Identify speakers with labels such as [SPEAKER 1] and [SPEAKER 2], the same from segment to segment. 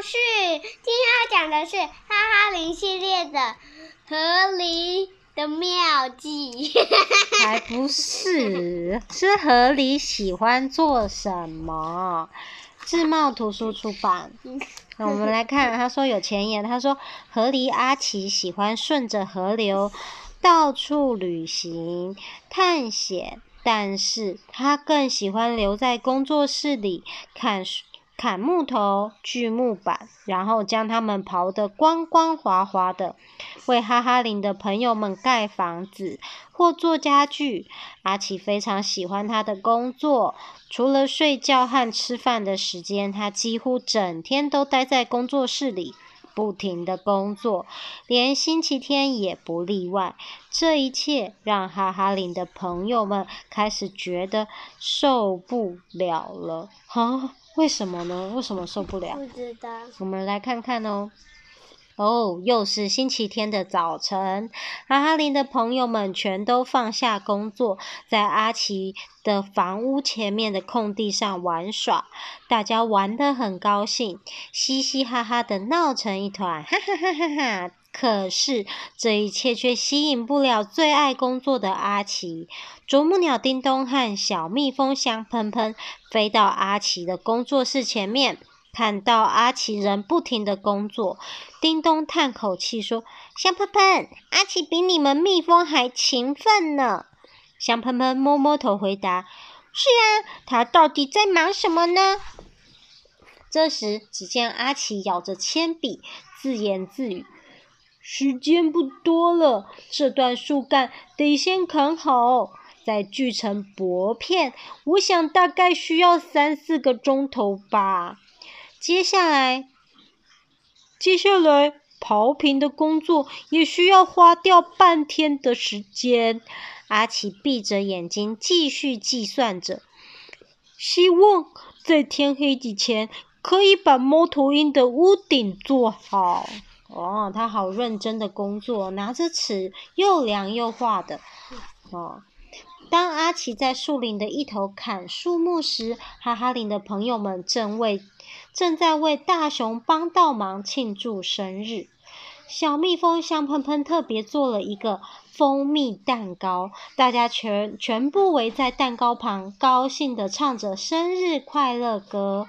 [SPEAKER 1] 不是，今天要講的是《哈哈林系列》的《河狸的妙計。》 還不是，是河狸喜歡做什麼？智茂圖書出版。 我們來看，他說有前言，他說河狸阿奇喜歡順着河流到處旅行探險，但是他更喜歡留在工作室裡看書。砍木頭、鋸木板，然後將它們刨得光光滑滑的，為哈哈林的朋友們蓋房子或做傢具。阿奇非常喜歡他的工作，除了睡覺和吃飯的時間，他幾乎整天都待在工作室裡，不停地工作，連星期天也不例外。這一切讓哈哈林的朋友們開始覺得受不了了。哈、哦。為什麼呢？為什麼受不了？不知道。我們來看看哦。哦、Oh，又是星期天的早晨，哈哈林的朋友們全都放下工作，在阿奇的房屋前面的空地上玩耍，大家玩得很高興，嘻嘻哈哈的鬧成一團，哈哈哈哈哈。可是這一切卻吸引不了最愛工作的阿奇。啄木鳥叮咚和小蜜蜂香噴噴飛，飛到阿奇的工作室前面，看到阿奇仍不停的工作，叮咚嘆口氣說：“香噴噴，阿奇比你們蜜蜂還勤奮呢。”香噴噴摸，摸摸頭回答：“是啊，他到底在忙什麼呢？”這時，只見阿奇咬着鉛筆，自言自語。時間不多了，這段樹幹得先砍好，再鋸成薄片。我想大概需要三四個鐘頭吧。接下來，接下來刨平的工作也需要花掉半天的時間。阿奇閉着眼睛繼續計算着，希望在天黑以前可以把貓頭鷹的屋頂做好。哦，他好認真的工作，拿着尺又量又畫的。哦，當阿奇在樹林的一頭砍樹木時，哈哈林的朋友們正為正在為大熊幫倒忙慶祝生日。小蜜蜂香噴噴特別做了一個蜂蜜蛋糕，大家全全部圍在蛋糕旁，高興的唱着生日快樂歌。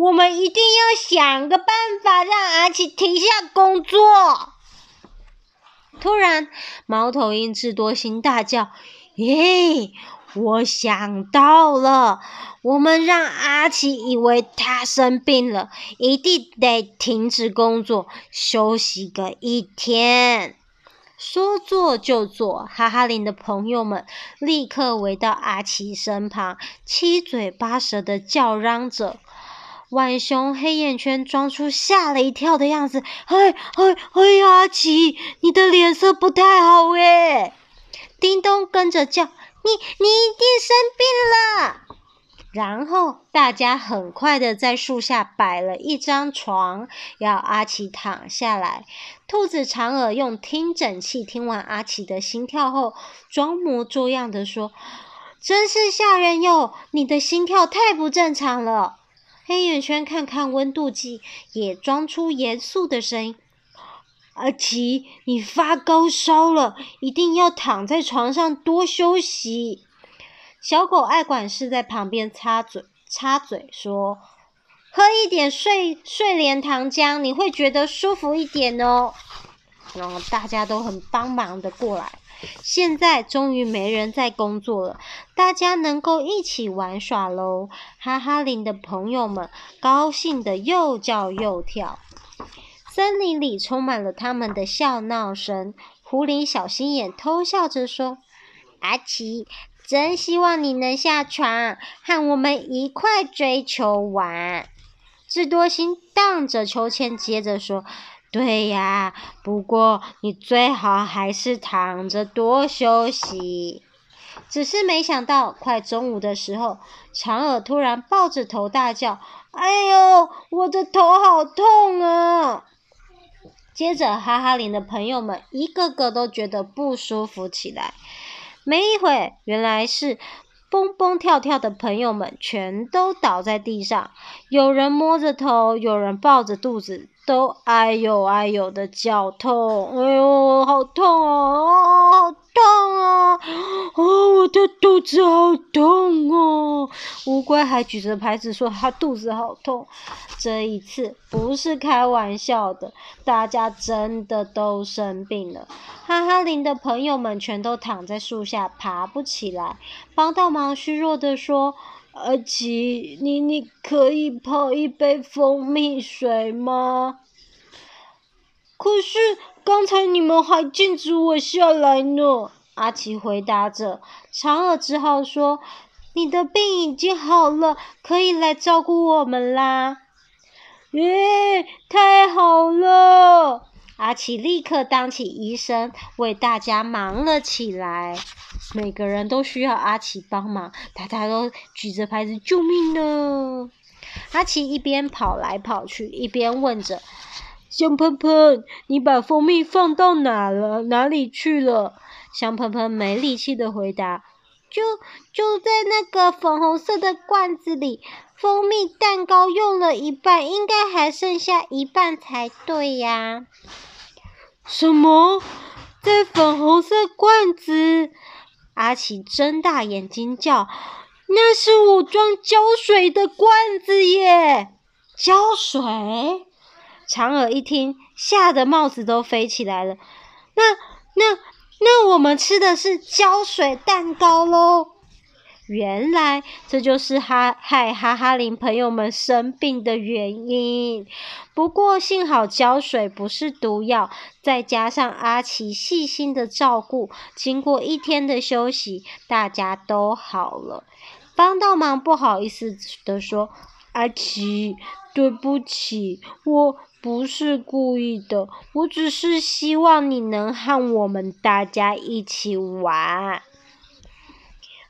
[SPEAKER 1] 我們一定要想個辦法讓阿奇停下工作。突然，貓頭鷹智多星大叫：“咦，我想到了！我們讓阿奇以為他生病了，一定得停止工作，休息個一天。”說做就做，哈哈林的朋友們立刻圍到阿奇身旁，七嘴八舌的叫嚷着。浣熊黑眼圈，裝出嚇了一跳的樣子，嘿嘿嘿，阿奇，你的臉色不太好誒。叮咚跟着叫，你你一定生病了。然後大家很快的在樹下擺了一張床，要阿奇躺下來。兔子長耳用聽診器聽完阿奇的心跳後，裝模作樣的說：“真是嚇人喲，你的心跳太不正常了。”黑眼圈看看溫度計，也裝出嚴肅的聲音：“阿、啊、奇，你發高燒了，一定要躺在床上多休息。”小狗愛管事在旁邊插嘴插嘴說：“喝一點睡睡蓮糖漿，你會覺得舒服一點哦。”然後大家都很幫忙的過來。現在終於沒人再工作了，大家能夠一起玩耍嘍！哈哈林的朋友們高興得又叫又跳，森林裡充滿了他們的笑鬧聲。狐狸小心眼偷笑着說：“阿奇，真希望你能下床和我們一塊追球玩。”智多星盪着秋千接着說。對呀，不過你最好還是躺着多休息。只是沒想到，快中午的時候，長耳突然抱着頭大叫：“哎呦，我的頭好痛啊！”接着，哈哈林的朋友們一個個都覺得不舒服起來。沒一會，原來是蹦蹦跳跳的朋友們全都倒在地上，有人摸着頭，有人抱着肚子。都哎呦哎呦的叫痛，哎呦好痛，啊，好痛啊，好痛啊！哦，我的肚子好痛哦，啊！烏龜還舉着牌子說他肚子好痛，這一次不是開玩笑的，大家真的都生病了。哈哈林的朋友們全都躺在樹下，爬不起來。幫倒忙，虛弱的說。阿琪，你你可以泡一杯蜂蜜水嗎？可是剛才你們還禁止我下來呢。阿琪回答着，嫦娥只好說：“你的病已經好了，可以來照顧我們啦。”欸，耶，太好了！阿琪立刻當起醫生，為大家忙了起來。每個人都需要阿奇幫忙，大家都舉着牌子救命呢。阿奇一邊跑來跑去，一邊問着：“香噴噴，你把蜂蜜放到哪了？哪裡去了？”香噴噴沒力氣的回答：“就就在那個粉紅色的罐子裡。蜂蜜蛋糕用了一半，應該還剩下一半才對呀、啊。”什麼？在粉紅色罐子？阿奇睜大眼睛叫：“那是我裝膠水的罐子耶！”膠水，長耳一聽，嚇得帽子都飛起來了。那、那、那，我們吃的是膠水蛋糕嘍！原來這就是哈害哈哈林朋友們生病的原因。不過幸好膠水不是毒藥，再加上阿奇細心的照顧，經過一天的休息，大家都好了。幫倒忙，不好意思的說， 阿奇，對不起，我不是故意的，我只是希望你能和我們大家一起玩。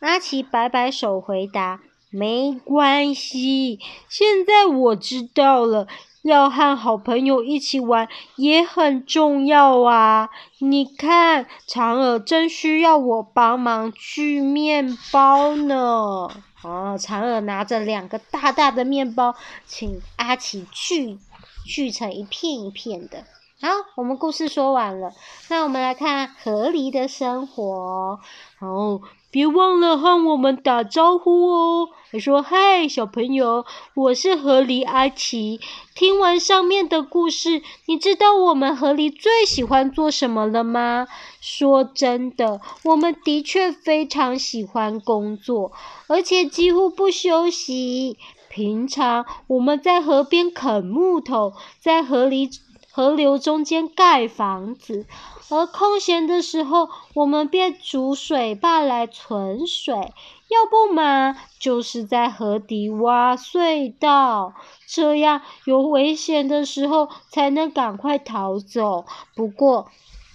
[SPEAKER 1] 阿奇擺擺手回答：“沒關係，現在我知道了，要和好朋友一起玩也很重要啊！你看，嫦娥正需要我幫忙鋸麵包呢。”啊，嫦娥拿着兩個大大的麵包，請阿奇鋸，鋸成一片一片的。好，我們故事說完了。那我們來看看河狸的生活。哦，別忘了和我們打招呼哦。你說：“嗨，小朋友，我是河狸阿奇。”聽完上面的故事，你知道我們河狸最喜歡做什麼了嗎？說真的，我們的確非常喜歡工作，而且幾乎不休息。平常我們在河邊啃木頭，在河裡。河流中間蓋房子，而空閒的時候，我們便築水壩來存水，要不嘛就是在河底挖隧道，這樣有危險的時候才能趕快逃走。不過。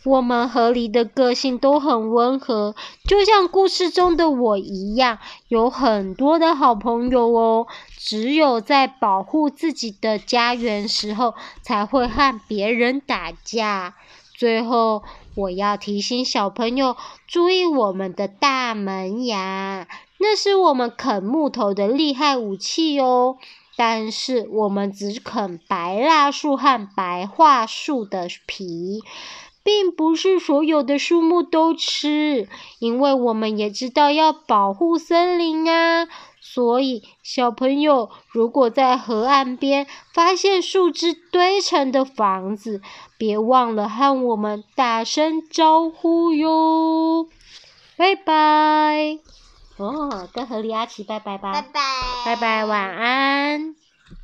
[SPEAKER 1] 我們河狸的個性都很溫和，就像故事中的我一樣，有很多的好朋友哦。只有在保護自己的家園時候，才會和別人打架。最後，我要提醒小朋友注意我們的大門牙，那是我們啃木頭的厲害武器哦。但是，我們只啃白蠟樹和白樺樹的皮。並不是所有的樹木都吃，因為我們也知道要保護森林啊。所以，小朋友如果在河岸邊發現樹枝堆成的房子，別忘了和我們打聲招呼喲。拜拜，哦，跟河狸阿奇拜拜吧。拜拜，拜拜，晚安。